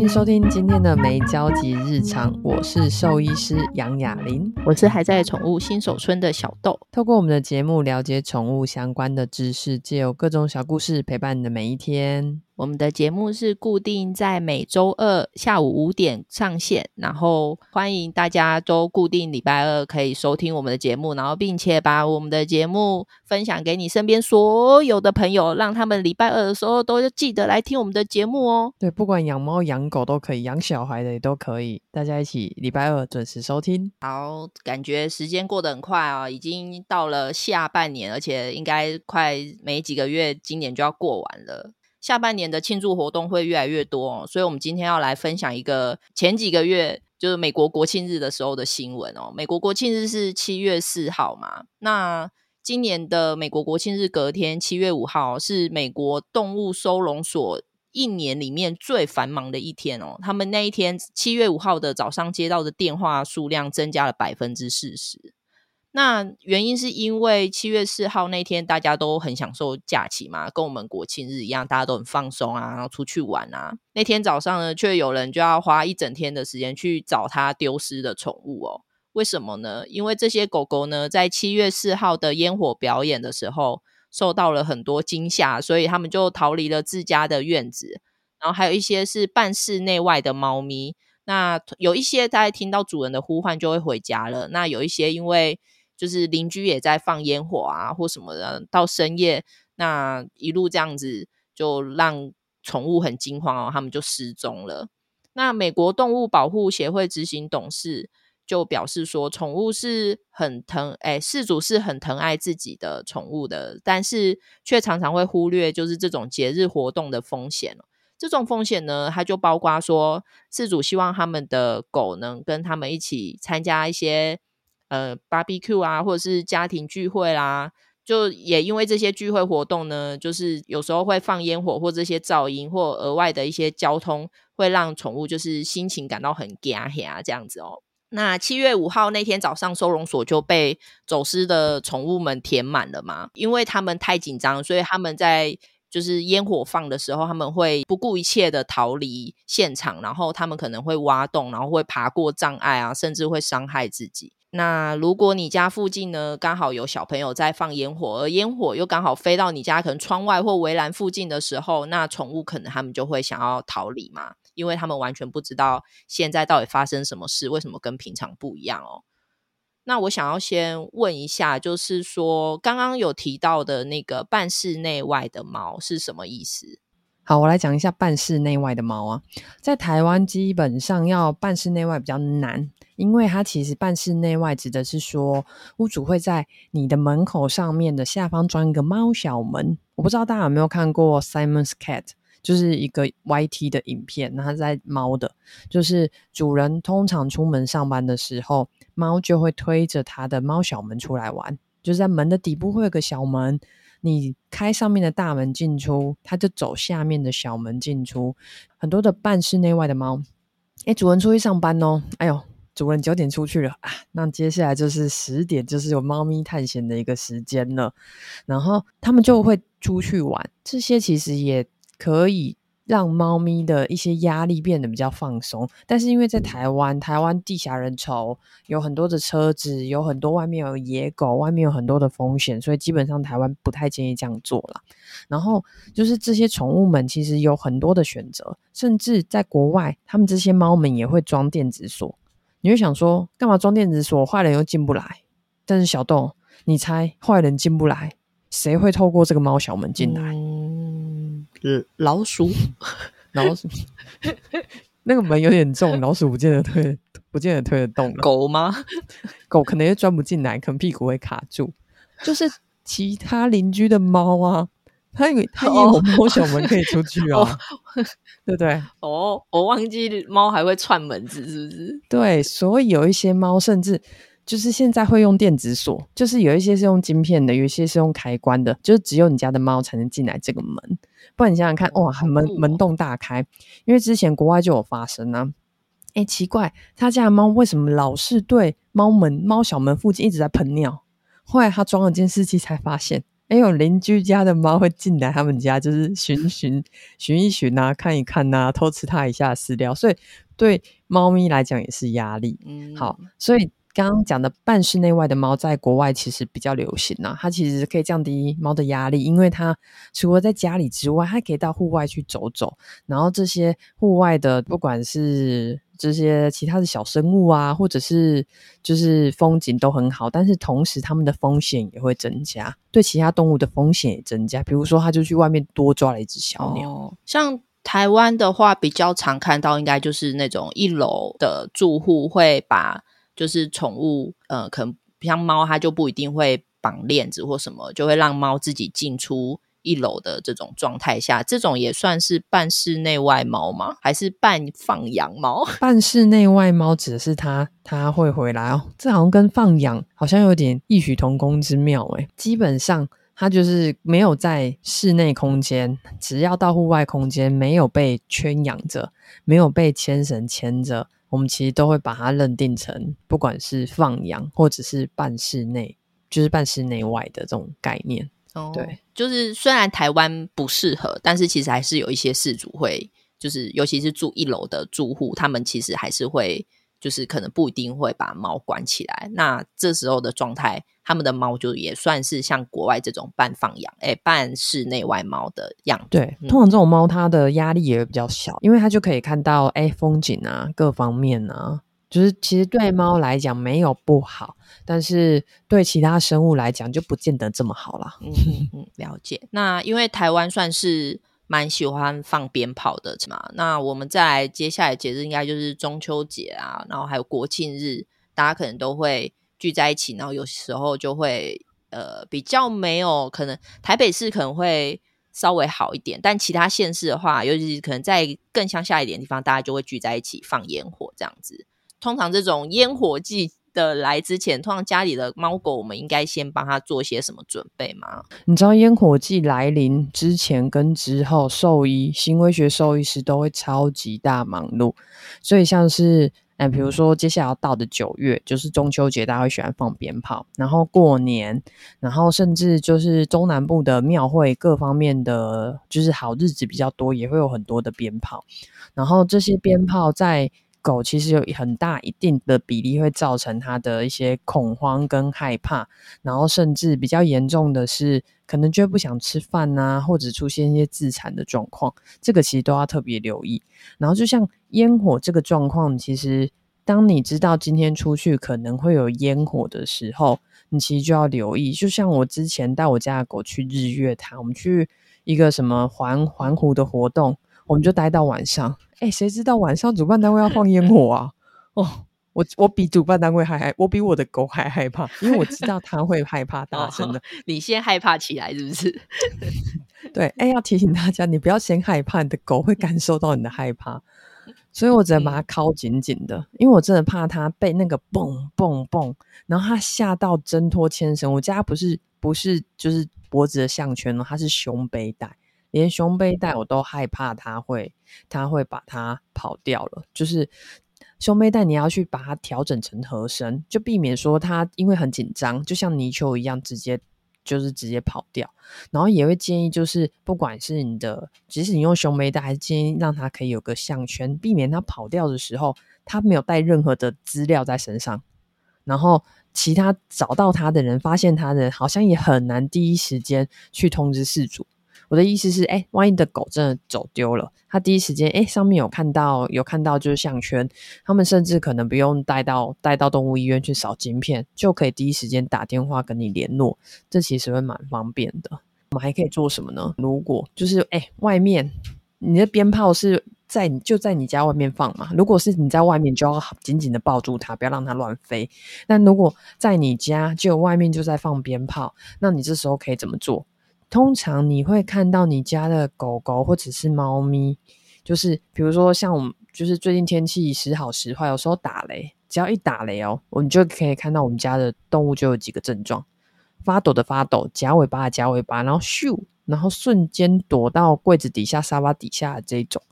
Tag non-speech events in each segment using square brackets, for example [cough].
歡迎收聽今天的《沒交集日常》，我是獸醫師楊雅玲，我是還在寵物新手村的小豆。透過我們的節目了解寵物相關的知識，借由各種小故事陪伴你的每一天。我們的節目是固定在每周二下午五點上線，然後歡迎大家都固定禮拜二可以收聽我們的節目，然後並且把我們的節目分享給你身邊所有的朋友，讓他們禮拜二的時候都要記得來聽我們的節目哦。對，不管養貓養狗都可以，養小孩的也都可以，大家一起禮拜二準時收聽。好，感覺時間過得很快啊、哦，已經到了下半年，而且應該快沒幾個月，今年就要過完了。下半年的慶祝活動會越來越多哦，所以我們今天要來分享一個前幾個月，就是美國國慶日的時候的新聞哦。美國國慶日是七月四號嘛，那今年的美國國慶日隔天，七月五號是美國動物收容所一年裡面最繁忙的一天哦。他們那一天七月五號的早上接到的電話數量增加了百分之四十。那原因是因為七月四號那天大家都很享受假期嘛，跟我們國慶日一樣，大家都很放鬆啊，然後出去玩啊。那天早上呢，卻有人就要花一整天的時間去找他丟失的寵物哦。為什麼呢？因為這些狗狗呢，在七月四號的煙火表演的時候受到了很多驚嚇，所以他們就逃離了自家的院子。然後還有一些是半室內外的貓咪，那有一些在聽到主人的呼喚就會回家了。那有一些因為就是鄰居也在放煙火啊，或什麼的，到深夜那一路這樣子，就讓寵物很驚慌哦，他們就失蹤了。那美國動物保護協會執行董事就表示說，寵物是很疼，誒，飼主是很疼愛自己的寵物的，但是卻常常會忽略就是這種節日活動的風險。這種風險呢，它就包括說，飼主希望他們的狗能跟他們一起參加一些。呃芭比 Q 啊，或者是家庭聚會啦，啊，就也因為這些聚會活動呢，就是有時候會放煙火或這些噪音或額外的一些交通，會讓寵物就是心情感到很壓抑啊，這樣子哦。那七月五號那天早上，收容所就被走失的寵物們填滿了嘛，因為他們太緊張，所以他們在就是煙火放的時候，他們會不顧一切的逃離現場，然後他們可能會挖洞，然後會爬過障礙啊，甚至會傷害自己。那如果你家附近呢，剛好有小朋友在放煙火，而煙火又剛好飛到你家可能窗外或圍欄附近的時候，那寵物可能他們就會想要逃離嘛，因為他們完全不知道現在到底發生什麼事，為什麼跟平常不一樣哦。那我想要先問一下，就是說剛剛有提到的那個半室內外的貓是什麼意思？好，我來講一下半室內外的貓啊，在台灣基本上要半室內外比較難，因為它其實半室內外指的是說，屋主會在你的門口上面的下方裝一個貓小門。我不知道大家有沒有看過 Simon's Cat，就是一個 YT 的影片，那它在貓的，就是主人通常出門上班的時候，貓就會推着它的貓小門出來玩，就是在門的底部會有個小門。你開上面的大門進出，它就走下面的小門進出。很多的半室內外的貓，誒，主人出去上班哦，哎呦，主人九點出去了，啊，那接下來就是十點，就是有貓咪探險的一個時間了。然後他們就會出去玩，這些其實也可以。讓貓咪的一些壓力變得比較放鬆，但是因為在台灣，台灣地狹人稠，有很多的車子，有很多外面有野狗，外面有很多的風險，所以基本上台灣不太建議這樣做了。然後就是這些寵物們其實有很多的選擇，甚至在國外，他們這些貓們也會裝電子鎖。你會想說，幹嘛裝電子鎖？壞人又進不來。但是小豆，你猜壞人進不來，誰會透過這個貓小門進來？嗯老鼠，老鼠，那個門有點重，老鼠不見得推，不見得推得動。狗嗎？狗可能也鑽不進來，可能屁股會卡住。就是其他鄰居的貓啊，他以為他以為貓小門可以出去啊，oh. 對不對，對？哦、oh.，我忘記貓還會串門子，是不是？對，所以有一些貓甚至就是現在會用電子鎖，就是有一些是用芯片的，有一些是用開關的，就是只有你家的貓才能進來這個門。不然你想想看，哇，很門門洞大開，因為之前國外就有發生啊。哎、欸，奇怪，他家的貓為什麼老是對貓門、貓小門附近一直在噴尿？後來他裝了監視器才發現，哎、欸，有鄰居家的貓會進來他們家，就是尋尋尋一尋啊，看一看啊，偷吃他一下飼料，所以對貓咪來講也是壓力。嗯，好，所以。剛剛講的半室內外的貓，在國外其實比較流行呢、啊。它其實可以降低貓的壓力，因為它除了在家裡之外，它還可以到戶外去走走。然後這些戶外的，不管是這些其他的小生物啊，或者是就是風景都很好。但是同時，他們的風險也會增加，對其他動物的風險也增加。比如說，他就去外面多抓了一只小鳥。像台灣的話，比較常看到，應該就是那種一樓的住戶會把。就是寵物，呃，可能像貓，它就不一定會綁鏈子或什麼，就會讓貓自己進出一樓的這種狀態下，這種也算是半室內外貓嗎？還是半放養貓？半室內外貓指的是它，它會回來哦。這好像跟放養好像有點異曲同工之妙哎。基本上它就是沒有在室內空間，只要到戶外空間，沒有被圈養着，沒有被牽繩牽着。我們其實都會把它認定成，不管是放養或者是半室內，就是半室內外的這種概念、哦。對，就是雖然台灣不適合，但是其實還是有一些飼主會，就是尤其是住一樓的住戶，他們其實還是會。就是可能不一定會把貓關起來，那這時候的狀態，他們的貓就也算是像國外這種半放養，哎、欸，半室內外貓的樣子。對、嗯，通常這種貓它的壓力也比較小，因為它就可以看到哎風景啊，各方面啊，就是其實對貓來講沒有不好，但是對其他生物來講就不見得這麼好了。嗯嗯，了解。那因為台灣算是，蠻喜歡放鞭炮的是嗎？那我們在接下來節日應該就是中秋節啊，然後還有國慶日，大家可能都會聚在一起，然後有時候就會呃比較沒有可能，台北市可能會稍微好一點，但其他縣市的話，尤其是可能在更鄉下一點的地方，大家就會聚在一起放煙火這樣子。通常這種煙火季。的來之前，通常家裡的貓狗，我們應該先幫它做些什麼準備嗎？你知道煙火季來臨之前跟之後，獸醫行為學獸醫師都會超級大忙碌，所以像是哎、呃，比如說接下來要到的九月、嗯，就是中秋節，大家會喜歡放鞭炮，然後過年，然後甚至就是中南部的廟會，各方面的就是好日子比較多，也會有很多的鞭炮，然後這些鞭炮在。狗其實有很大一定的比例會造成它的一些恐慌跟害怕，然後甚至比較嚴重的是可能就會不想吃飯啊，或者出現一些自殘的狀況，這個其實都要特別留意。然後就像煙火這個狀況，其實當你知道今天出去可能會有煙火的時候，你其實就要留意。就像我之前帶我家的狗去日月潭，我們去一個什麼環環湖的活動。我們就待到晚上，哎、欸，誰知道晚上主辦單位要放煙火啊？哦，我我比主辦單位還害，我比我的狗還害怕，因為我知道它會害怕大聲的、哦。你先害怕起來是不是？對，哎、欸，要提醒大家，你不要先害怕，你的狗會感受到你的害怕，所以我只能把它靠緊緊的，因為我真的怕它被那個蹦蹦蹦，然後它嚇到掙脫牽繩。我家不是不是就是脖子的項圈哦，它是胸背帶。連胸背帶我都害怕他，他會他會把它跑掉了。就是胸背帶，帶你要去把它調整成合身，就避免說他因為很緊張，就像泥鰍一樣，直接就是直接跑掉。然後也會建議，就是不管是你的，即使你用胸背帶，還是建議讓他可以有個項圈，避免他跑掉的時候，他沒有帶任何的資料在身上。然後其他找到他的人、發現他的人好像也很難第一時間去通知失主。我的意思是，哎、欸，萬一你的狗真的走丟了，它，第一時間，哎、欸，上面有看到有看到就是項圈，他們甚至可能不用帶到帶到動物醫院去掃晶片，就可以第一時間打電話跟你聯絡，這其實會蠻方便的。我們還可以做什麼呢？如果就是哎、欸，外面你的鞭炮是在你就在你家外面放嘛？如果是你在外面，就要緊緊的抱住它，不要讓它亂飛。那如果在你家，就外面就在放鞭炮，那你這時候可以怎麼做？通常你會看到你家的狗狗或者是貓咪，就是比如說像我們，就是最近天氣時好時壞，有時候打雷，只要一打雷哦，我們就可以看到我們家的動物就有幾個症狀：發抖的發抖，夾尾巴的夾尾巴，然後咻，然後瞬間躲到櫃子底下、沙發底下的這種。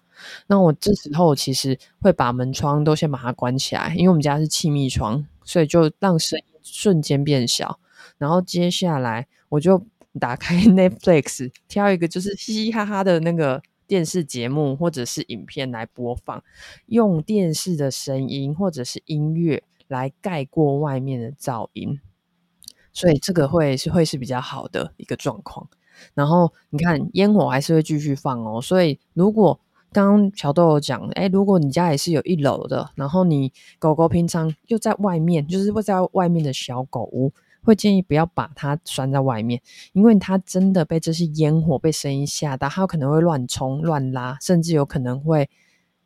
那我這時候其實會把門窗都先把它關起來，因為我們家是氣密窗，所以就讓聲音瞬間變小。然後接下來我就。打開 Netflix，挑一個就是嘻嘻哈哈的那個電視節目或者是影片來播放，用電視的聲音或者是音樂來蓋過外面的噪音，所以這個會是會是比較好的一個狀況。然後你看煙火還是會繼續放哦，所以如果剛剛小豆豆講，誒、哎，如果你家也是有一樓的，然後你狗狗平常又在外面，就是會在外面的小狗屋，會建議不要把它拴在外面，因為它真的被這些煙火被聲音嚇到，它可能會亂衝亂拉，甚至有可能會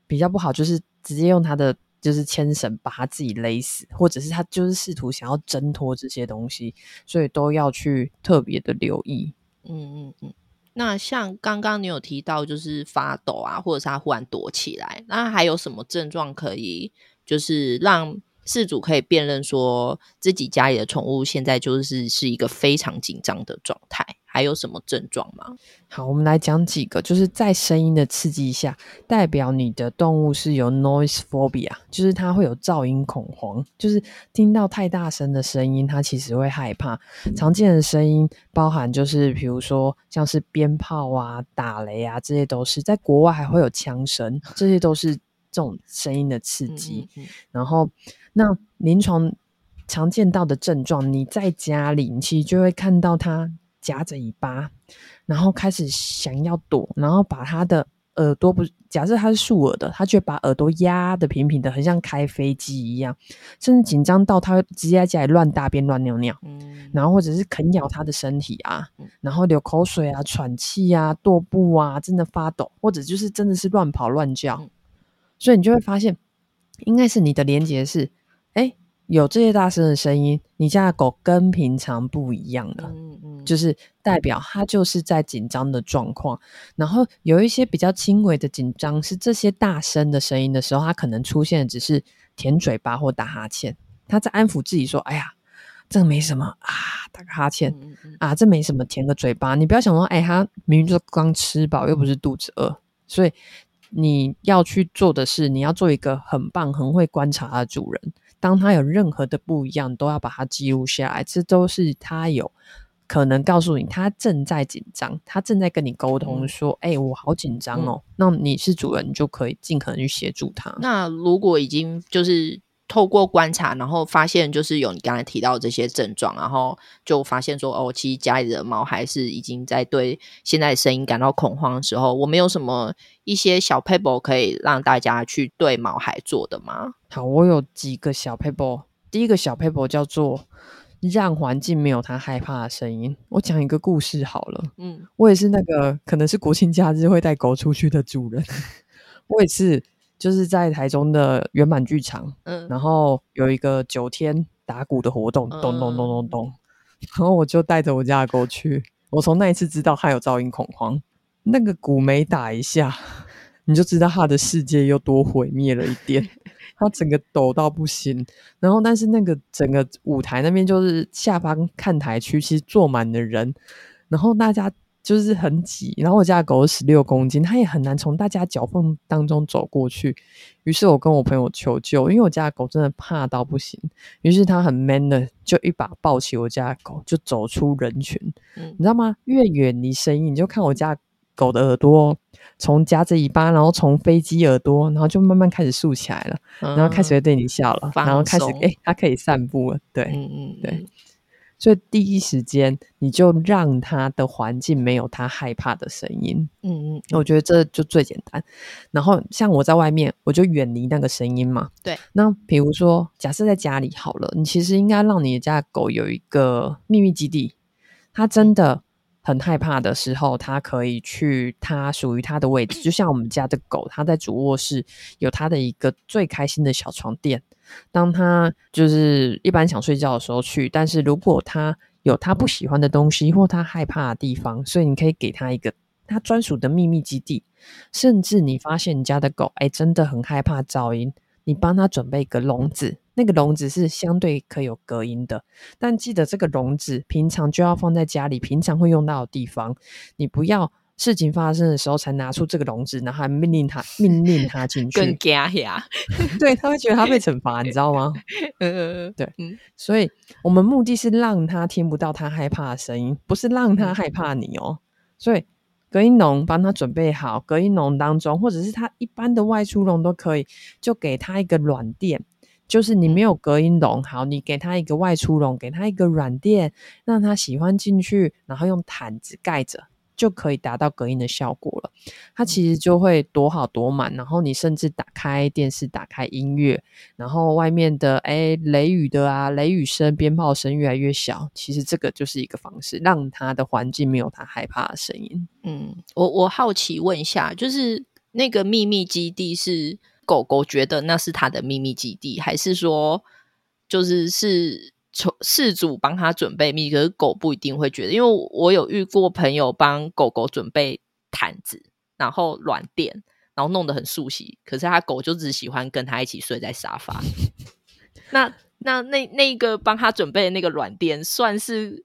比較不好，就是直接用它的就是牽繩把它自己勒死，或者是它就是試圖想要掙脫這些東西，所以都要去特別的留意。嗯嗯嗯。那像剛剛你有提到，就是發抖啊，或者是它忽然躲起來，那還有什麼症狀可以就是讓飼主可以辨認說自己家裡的寵物現在就是是一個非常緊張的狀態，還有什麼症狀嗎？好，我們來講幾個，就是在聲音的刺激下，代表你的動物是有 noise phobia，就是它會有噪音恐慌，就是聽到太大聲的聲音，它其實會害怕。常見的聲音包含就是，比如說像是鞭炮啊、打雷啊，這些都是，在國外還會有槍聲，這些都是。這種聲音的刺激，嗯、哼哼，然後那臨床常見到的症狀，你在家裡你其實就會看到他夾着尾巴，然後開始想要躲，然後把他的耳朵不假設他是豎耳的，他卻把耳朵壓得平平的，很像開飛機一樣，甚至緊張到他會直接在家裡亂大便、亂尿尿、嗯，然後或者是啃咬他的身體啊，然後流口水啊、喘氣啊、踱步啊，真的發抖，或者就是真的是亂跑、亂叫。嗯所以你就會發現，應該是你的連接是，哎，有這些大聲的聲音，你家的狗跟平常不一樣了。嗯嗯，就是代表它就是在緊張的狀況。然後有一些比較輕微的緊張，是這些大聲的聲音的時候，它可能出現只是舔嘴巴或打哈欠。他在安撫自己說：“哎呀，這個沒什麼啊，打個哈欠啊，這沒什麼，舔個嘴巴。”你不要想說：“哎，他明明就剛吃飽，又不是肚子餓。”所以，你要去做的是，你要做一個很棒、很會觀察它的主人。當它有任何的不一樣，都要把它記錄下來。這都是它有可能告訴你，它正在緊張，它正在跟你溝通、嗯、說：“哎、欸，我好緊張哦。嗯”那你是主人，你就可以盡可能去協助它。那如果已經就是。透過觀察，然後發現就是有你剛才提到這些症狀，然後就發現說哦，其實家裡的毛孩是已經在對現在的聲音感到恐慌的時候。我沒有什麼一些小撇步可以讓大家去對毛孩做的嗎？好，我有幾個小撇步。第一個小撇步叫做讓環境沒有它害怕的聲音。我講一個故事好了。嗯，我也是那個可能是國慶假日會帶狗出去的主人。 [laughs] 我也是。就是在台中的圓滿劇場，嗯，然後有一個九天打鼓的活動，咚咚咚咚咚咚，然後我就帶着我家狗去。我從那一次知道他有噪音恐慌，那個鼓每打一下，你就知道他的世界又多毀滅了一點，他整個抖到不行。然後，但是那個整個舞台那邊就是下方看台區，其實坐滿了人，然後大家。就是很擠，然後我家狗十六公斤，它也很難從大家腳縫當中走過去。於是，我跟我朋友求救，因為我家的狗真的怕到不行。於是，他很 man 的就一把抱起我家的狗，就走出人群。嗯。你知道嗎？越遠離聲音，你就看我家狗的耳朵從夾着尾巴，然後從飛機耳朵，然後就慢慢開始豎起來了，然後開始會對你笑了，啊、然後開始誒、欸、它可以散步了。對，嗯嗯，對。所以第一時間你就讓他的環境沒有他害怕的聲音。嗯嗯，我覺得這就最簡單。然後像我在外面，我就遠離那個聲音嘛。對。那比如說，假設在家裡好了，你其實應該讓你家的狗有一個秘密基地，它真的、嗯。很害怕的時候，它可以去它屬於它的位置，就像我們家的狗，它在主臥室有它的一個最開心的小床墊。當它就是一般想睡覺的時候去，但是如果它有它不喜歡的東西或它害怕的地方，所以你可以給它一個它專屬的秘密基地。甚至你發現你家的狗，哎、欸、真的很害怕噪音，你幫它準備一個籠子。那個籠子是相對可以有隔音的，但記得這個籠子平常就要放在家裡，平常會用到的地方，你不要事情發生的時候才拿出這個籠子，然後還命令它，命令他進去 [laughs] 更驚嚇， [laughs] 對，他會覺得他被懲罰， [laughs] 你知道嗎？嗯，對，所以我們目的是讓他聽不到他害怕的聲音，不是讓他害怕你哦。所以隔音籠幫他準備好，隔音籠當中或者是他一般的外出籠都可以，就給他一個軟墊。就是你沒有隔音籠，好，你給他一個外出籠，給他一個軟墊，讓他喜歡進去，然後用毯子蓋着，就可以達到隔音的效果了。它其實就會躲好躲滿，然後你甚至打開電視，打開音樂，然後外面的誒，雷雨的啊雷雨聲、鞭炮聲越來越小，其實這個就是一個方式，讓它的環境沒有它害怕的聲音。嗯，我我好奇問一下，就是那個秘密基地是？狗狗覺得那是它的秘密基地，還是說，就是是飼主幫他準備秘密？可是狗不一定會覺得，因為我有遇過朋友幫狗狗準備毯子，然後軟墊，然後弄得很熟悉，可是他狗就只喜歡跟他一起睡在沙發。 [laughs] 那那那那個幫他準備的那個軟墊，算是？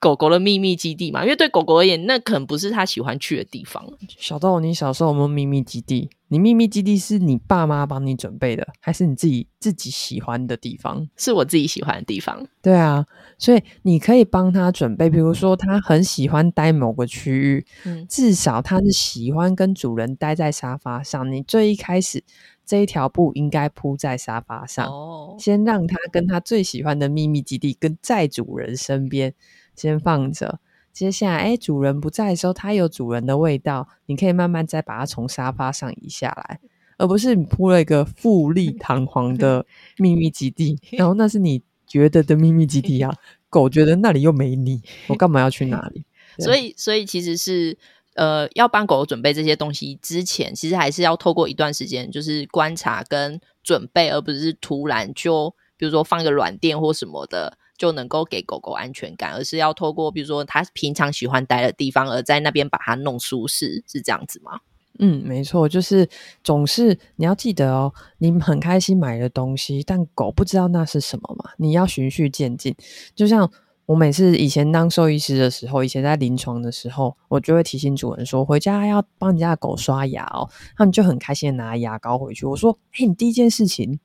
狗狗的秘密基地嘛，因為對狗狗而言，那可能不是他喜歡去的地方。小豆，你小時候有沒有秘密基地？你秘密基地是你爸媽幫你準備的，還是你自己自己喜歡的地方？是我自己喜歡的地方。對啊，所以你可以幫他準備，比如說他很喜歡待某個區域，嗯，至少他是喜歡跟主人待在沙發上。你最一開始。這一條布應該鋪在沙發上，先讓它跟它最喜歡的秘密基地跟在主人身邊先放着。接下來，哎、欸，主人不在的時候，它有主人的味道，你可以慢慢再把它從沙發上移下來，而不是你鋪了一個富麗堂皇的秘密基地， [laughs] 然後那是你覺得的秘密基地啊，狗覺得那裡又沒你，我幹嘛要去那裡？所以，所以其實是。呃，要幫狗狗準備這些東西之前，其實還是要透過一段時間，就是觀察跟準備，而不是突然就比如說放個軟墊或什麼的就能夠給狗狗安全感，而是要透過比如說它平常喜歡待的地方，而在那邊把它弄舒適，是這樣子嗎？嗯，沒錯，就是總是你要記得哦，你很開心買的東西，但狗不知道那是什麼嘛，你要循序漸進，就像。我每次以前當獸醫師的時候，以前在臨床的時候，我就會提醒主人說，回家要幫你家的狗刷牙哦。他們就很開心的拿牙膏回去。我說，嘿、欸，你第一件事情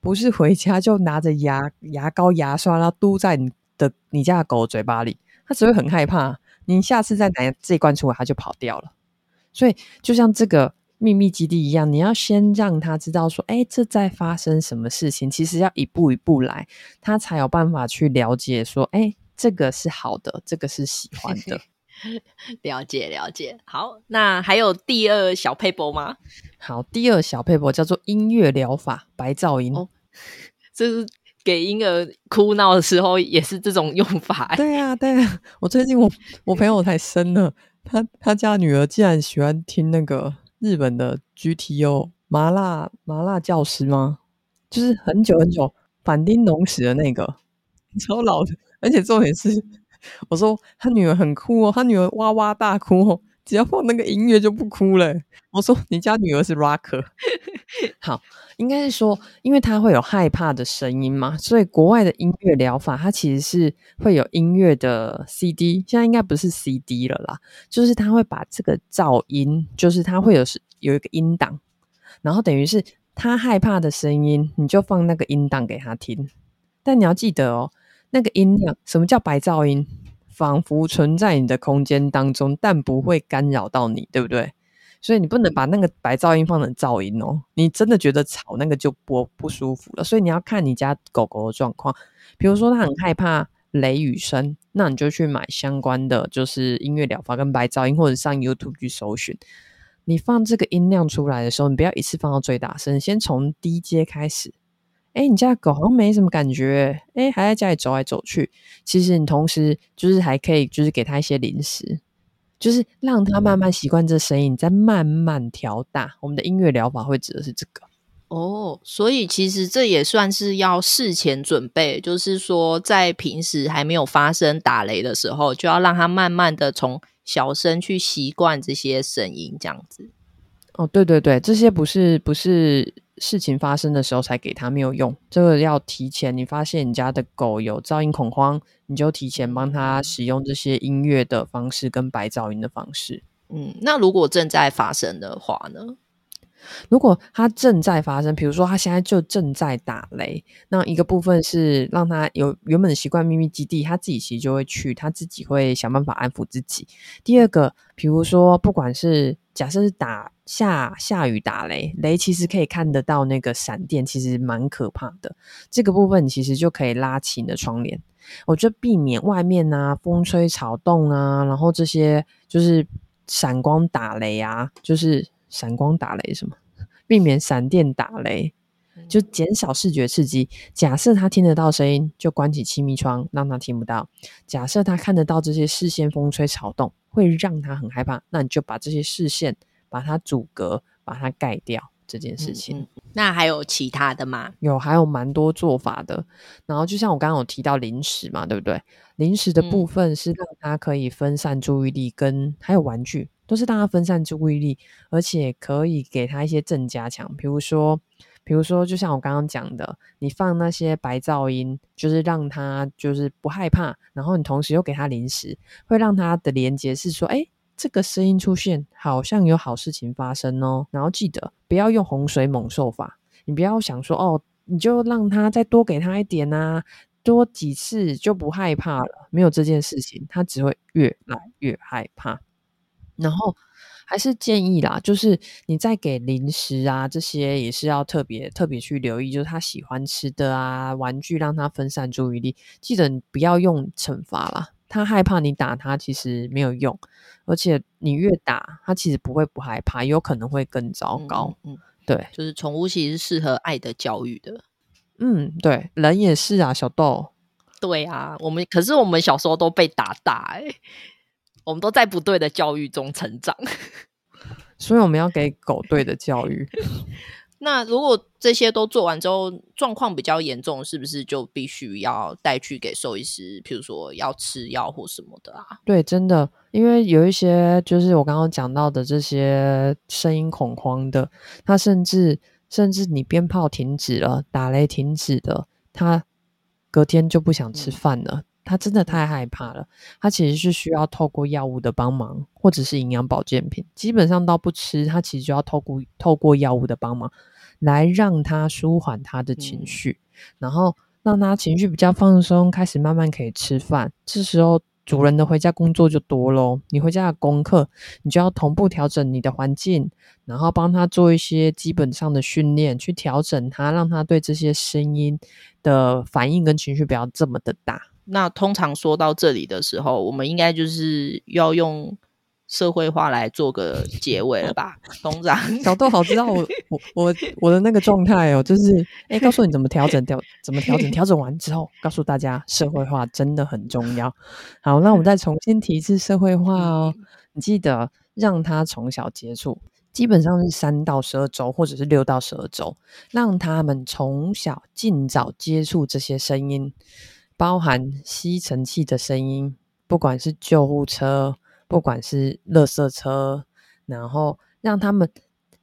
不是回家就拿着牙牙膏牙刷，然後嘟在你的你家的狗的嘴巴裡，它只會很害怕。你下次再拿這一罐出來，它就跑掉了。所以就像這個。秘密基地一樣，你要先讓他知道說，哎、欸，這在發生什麼事情。其實要一步一步來，他才有辦法去了解說，哎、欸，這個是好的，這個是喜歡的。 [laughs] 了解了解。好，那還有第二小撇步嗎？好，第二小撇步叫做音樂療法白噪音、哦。這是給嬰兒哭鬧的時候也是這種用法、欸。對啊，對啊。我最近我我朋友才生了， [laughs] 他他家女兒竟然喜歡聽那個。日本的 GTO 麻辣麻辣教師嗎？就是很久很久反町隆史的那個超老的。而且重點是，我說他女兒很哭哦，他女兒哇哇大哭哦，只要放那個音樂就不哭了。我說你家女兒是 rocker。 [laughs] 好，應該是說，因為他會有害怕的聲音嘛，所以國外的音樂療法，它其實是會有音樂的 CD，現在應該不是 CD 了啦，就是他會把這個噪音，就是他會有是有一個音檔，然後等於是他害怕的聲音，你就放那個音檔給他聽，但你要記得哦，那個音量，什麼叫白噪音？仿佛存在你的空間當中，但不會干擾到你，對不對？所以你不能把那個白噪音放成噪音哦，你真的覺得吵那個就不不舒服了。所以你要看你家狗狗的狀況，比如說它很害怕雷雨聲，那你就去買相關的，就是音樂療法跟白噪音，或者上 YouTube 去搜尋。你放這個音量出來的時候，你不要一次放到最大聲，先從低階開始。哎，你家狗好像沒什麼感覺，哎，還在家裡走來走去。其實你同時就是還可以就是給它一些零食。就是讓他慢慢習慣這聲音，嗯，再慢慢調大。我們的音樂療法會指的是這個哦，所以其實這也算是要事前準備，就是說在平時還沒有發生打雷的時候，就要讓他慢慢的從小聲去習慣這些聲音，這樣子。哦，對對對，這些不是不是。事情發生的時候才給他沒有用，這個要提前。你發現你家的狗有噪音恐慌，你就提前幫他使用這些音樂的方式跟白噪音的方式。嗯，那如果正在發生的話呢？如果它正在發生，比如說它現在就正在打雷，那一個部分是讓它有原本的習慣秘密基地，他自己其實就會去，他自己會想辦法安撫自己。第二個，比如說，不管是假設是打。下下雨打雷，雷其實可以看得到那個閃電，其實蠻可怕的。這個部分其實就可以拉起你的窗簾，我覺得避免外面呢、啊、風吹草動啊，然後這些就是閃光打雷啊，就是閃光打雷什麼，避免閃電打雷，就減少視覺刺激。假設他聽得到聲音，就關起氣密窗，讓他聽不到；假設他看得到這些視線風吹草動，會讓他很害怕，那你就把這些視線。把它阻隔，把它蓋掉這件事情，嗯。那還有其他的嗎？有，還有蠻多做法的。然後就像我剛剛有提到零食嘛，對不對？零食的部分是讓他可以分散注意力跟、跟還有玩具都是讓他分散注意力，而且可以給他一些正加強。比如說，比如說，就像我剛剛講的，你放那些白噪音，就是讓他就是不害怕，然後你同時又給他零食，會讓他的連接是說，誒。這個聲音出現，好像有好事情發生哦。然後記得不要用洪水猛獸法，你不要想說哦，你就讓他再多給他一點啊，多幾次就不害怕了。沒有這件事情，他只會越來越害怕。然後還是建議啦，就是你在給零食啊這些也是要特別特別去留意，就是他喜歡吃的啊，玩具讓他分散注意力。記得你不要用懲罰啦。他害怕你打他，其實沒有用，而且你越打他，其實不會不害怕，有可能會更糟糕。嗯，嗯對，就是寵物其實是適合愛的教育的。嗯，對，人也是啊，小豆。對啊，我們可是我們小時候都被打大，欸，我們都在不對的教育中成長， [laughs] 所以我們要給狗對的教育。 [laughs] 那如果這些都做完之後，狀況比較嚴重，是不是就必須要帶去給獸醫師？譬如說要吃藥或什麼的啊？對，真的，因為有一些就是我剛剛講到的這些聲音恐慌的，他甚至甚至你鞭炮停止了，打雷停止了，他隔天就不想吃飯了。嗯。他真的太害怕了，他其實是需要透過藥物的幫忙，或者是營養保健品，基本上都不吃，他其實就要透過透過藥物的幫忙。來讓他舒緩他的情緒，嗯，然後讓他情緒比較放鬆，開始慢慢可以吃飯。這時候主人的回家工作就多嘍，你回家的功課，你就要同步調整你的環境，然後幫他做一些基本上的訓練，去調整他，讓他對這些聲音的反應跟情緒不要這麼的大。那通常說到這裡的時候，我們應該就是要用。社會化來做個結尾了吧，董事長小豆好知道我 [laughs] 我我,我的那個狀態哦，就是哎、欸，告訴你怎麼調整調怎麼調整調整完之後，告訴大家社會化真的很重要。好，那我們再重新提一次社會化哦，你記得讓他從小接觸，基本上是三到十二周或者是六到十二周，讓他們從小儘早接觸這些聲音，包含吸塵器的聲音，不管是救護車。不管是垃圾車，然後讓他們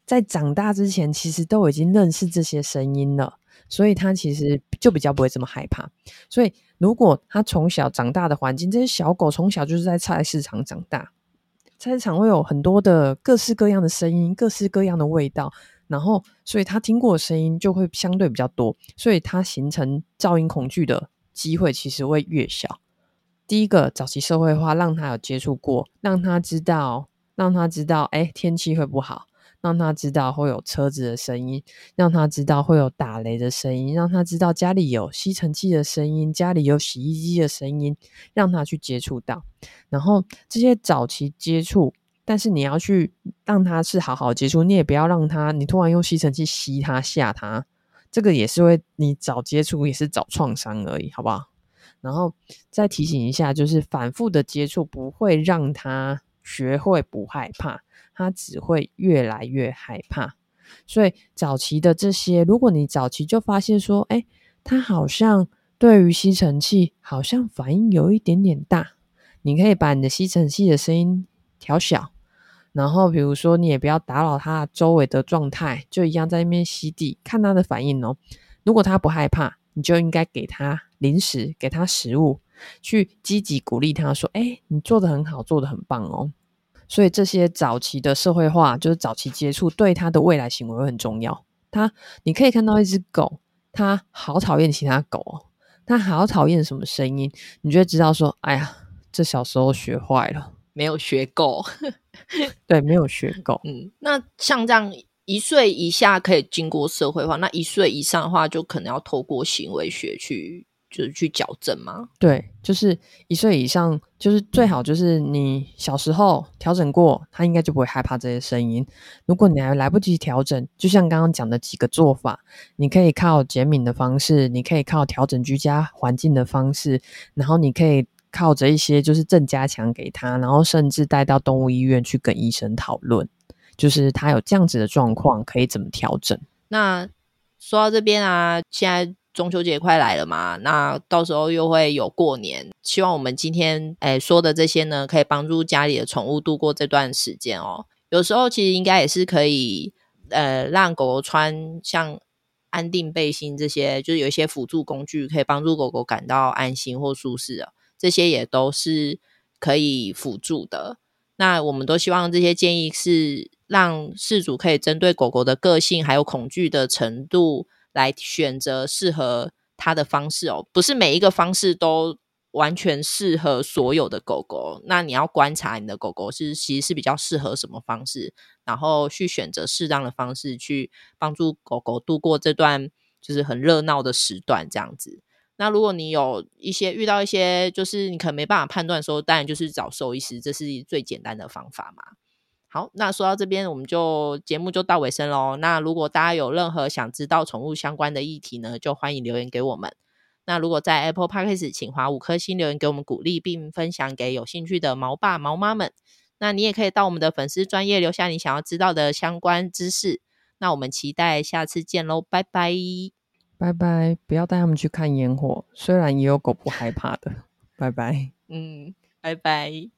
在長大之前，其實都已經認識這些聲音了，所以他其實就比較不會這麼害怕。所以，如果他從小長大的環境，這些小狗從小就是在菜市場長大，菜市場會有很多的各式各樣的聲音、各式各樣的味道，然後，所以他聽過的聲音就會相對比較多，所以它形成噪音恐懼的機會其實會越小。第一個早期社會化，讓他有接觸過，讓他知道，讓他知道，哎、欸，天氣會不好，讓他知道會有車子的聲音，讓他知道會有打雷的聲音，讓他知道家裡有吸塵器的聲音，家裡有洗衣機的聲音，讓他去接觸到。然後這些早期接觸，但是你要去讓他是好好的接觸，你也不要讓他，你突然用吸塵器吸他嚇他，這個也是會，你早接觸也是早創傷而已，好不好？然後再提醒一下，就是反覆的接觸不會讓他學會不害怕，他只會越來越害怕。所以早期的這些，如果你早期就發現說，誒，他好像對於吸塵器好像反應有一點點大，你可以把你的吸塵器的聲音調小，然後比如說你也不要打擾他周圍的狀態，就一樣在那邊吸地，看他的反應哦。如果他不害怕，你就應該給他。臨時給他食物，去積極鼓勵他說：“哎，你做得很好，做得很棒哦。”所以這些早期的社會化，就是早期接觸，對他的未來行為會很重要。他你可以看到一只狗，它好討厭其他狗，哦，它好討厭什麼聲音，你就會知道說：“哎呀，這小時候學壞了，沒有學夠。 [laughs] ”對，沒有學夠。嗯，那像這樣一歲以下可以經過社會化，那一歲以上的話，就可能要透過行為學去。就是去矯正嗎？對，就是一歲以上，就是最好就是你小時候調整過，他應該就不會害怕這些聲音。如果你還來不及調整，就像剛剛講的幾個做法，你可以靠減敏的方式，你可以靠調整居家環境的方式，然後你可以靠着一些就是正加強給他，然後甚至帶到動物醫院去跟醫生討論，就是他有這樣子的狀況，可以怎麼調整。那說到這邊啊，現在。中秋節快來了嘛，那到時候又會有過年，希望我們今天哎說的這些呢，可以幫助家裡的寵物度過這段時間哦。有時候其實應該也是可以，呃，讓狗狗穿像安定背心這些，就是有一些輔助工具可以幫助狗狗感到安心或舒適啊、哦。這些也都是可以輔助的。那我們都希望這些建議是讓飼主可以針對狗狗的個性還有恐懼的程度。來選擇適合它的方式哦，不是每一個方式都完全適合所有的狗狗。那你要觀察你的狗狗，是其實是比較適合什麼方式，然後去選擇適當的方式去幫助狗狗度過這段就是很熱鬧的時段這樣子。那如果你有一些遇到一些就是你可能沒辦法判斷說，當然就是找獸醫師，這是最簡單的方法嘛。好，那說到這邊，我們就節目就到尾聲嘍。那如果大家有任何想知道寵物相關的議題呢，就歡迎留言給我們。那如果在 Apple Podcast，請滑五顆星留言給我們鼓勵，並分享給有興趣的毛爸毛媽們。那你也可以到我們的粉絲專頁留下你想要知道的相關知識。那我們期待下次見嘍，拜拜拜拜！不要帶他們去看煙火，雖然也有狗不害怕的。 [laughs] 拜拜，嗯，拜拜。